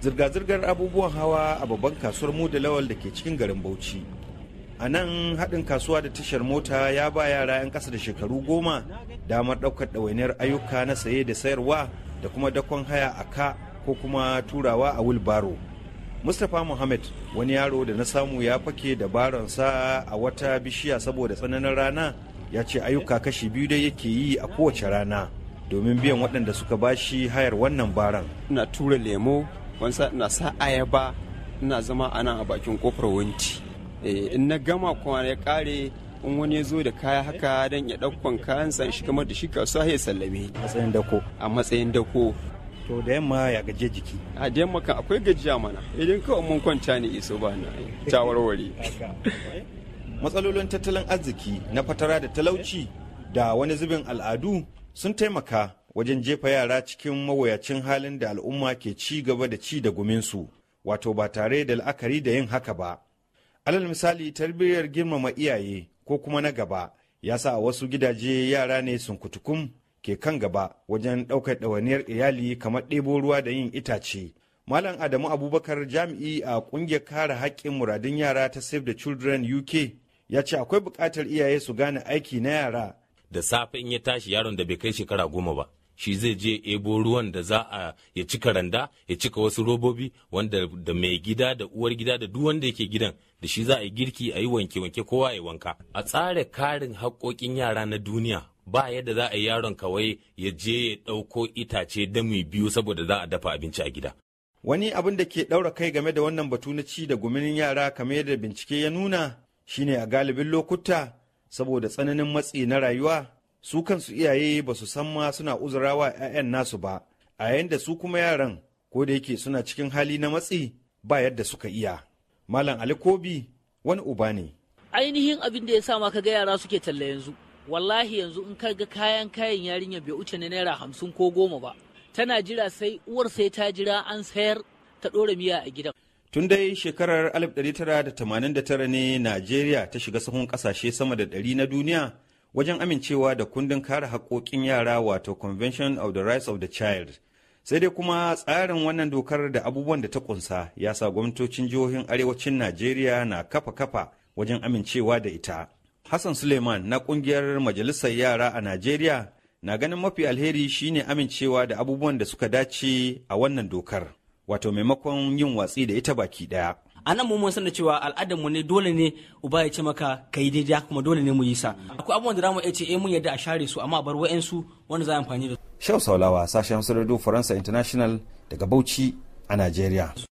zirga-zirgar abubuwan hawa a babban kasuwar mu da lawal da ke cikin garin bauchi a nan haɗin kasuwa da tashar mota ya ba yara 'yan ƙasa da shekaru goma damar ɗaukar ɗawainiyar ayyuka na saye da sayarwa da kuma dakon haya a ka ko kuma turawa a wilbaro mustapha muhammad wani yaro da na samu ya fake dabaransa a wata bishiya saboda tsananin rana ya ce ayyuka kashi biyu dai yake yi a kowace rana domin biyan waɗanda suka ba shi hayar wannan baran. Ina tura lemo wani sa ina sa ayaba ina zama a nan a bakin kofar wanti eh, in na gama kuma ya kare in wani ya zo da kaya haka don ya ɗaukan kayan san shi kamar da shi sa ya sallame a matsayin dako a matsayin dako to da yamma ya gaje jiki a da yamma kan akwai gajiya mana idan kawai mun kwanta ni iso ba na ta matsalolin tattalin arziki na fatara da talauci da wani zubin al'adu sun taimaka wajen jefa yara cikin mawuyacin halin da al'umma ke ci gaba da ci da guminsu wato ba tare da la'akari da yin haka ba alal misali tarbiyyar girmama iyaye ko kuma na gaba ya sa a wasu gidaje yara ne sun kutukum ke kan gaba wajen ɗaukar ɗawainiyar iyali kamar ɗebo ruwa da yin itace malam adamu abubakar jami'i a ƙungiyar kare haƙƙin muradun yara ta save the children uk ya ce akwai buƙatar iyaye su gane aiki na yara da safe in ya tashi yaron da bai kai shekara goma ba shi zai je ebo ruwan da za a ya cika randa ya cika wasu robobi wanda da mai gida da uwar gida da duk wanda yake gidan da shi za a yi girki a yi wanke-wanke kowa ya wanka a tsare karin haƙoƙin yara na duniya ba yadda za a yi yaron kawai ya je ya ɗauko itace dami biyu saboda za a dafa abinci a gida wani abin da ke ɗaura kai game da wannan batu na ci da guminin yara kamar yadda bincike ya nuna shine a galibin lokuta saboda tsananin matsi na rayuwa su kansu iyaye ba su san ma suna uzurawa 'ya'yan nasu ba a yayin da su kuma yaran ko da yake suna cikin hali na matsi ba yadda suka iya malam ali kobi wani uba ne ainihin abin da ya sa ma kaga yara suke talla yanzu wallahi yanzu in ka ga kayan kayan yarinya bai wuce na naira hamsin ko goma ba tana jira sai uwar sai ta jira an sayar ta ɗora miya a gidan tun dai shekarar 1989 ne najeriya ta shiga sahun ƙasashe sama da ɗari na duniya wajen amincewa da kundin kare haƙoƙin yara wato Convention of the Rights of the Child. Sai dai kuma tsarin wannan dokar da abubuwan da ta kunsa ya sa gwamnatocin jihohin arewacin Najeriya na kafa-kafa wajen amincewa da ita. Hassan Suleiman na ƙungiyar Majalisar Yara a Najeriya na ganin mafi alheri shine amincewa da abubuwan da suka dace a wannan dokar, wato maimakon yin watsi da ita baki ɗaya. a nan mun san da cewa al'adar mu ne dole ne uba ya ce maka ka kai daidai kuma dole ne mu yi sa akwai abubuwan da zamu iya ce eh mun yadda a share su amma a bar wa'ansu wanda za a amfani da su Shau Saulawa sashen Hausa Faransa International daga Bauchi a Najeriya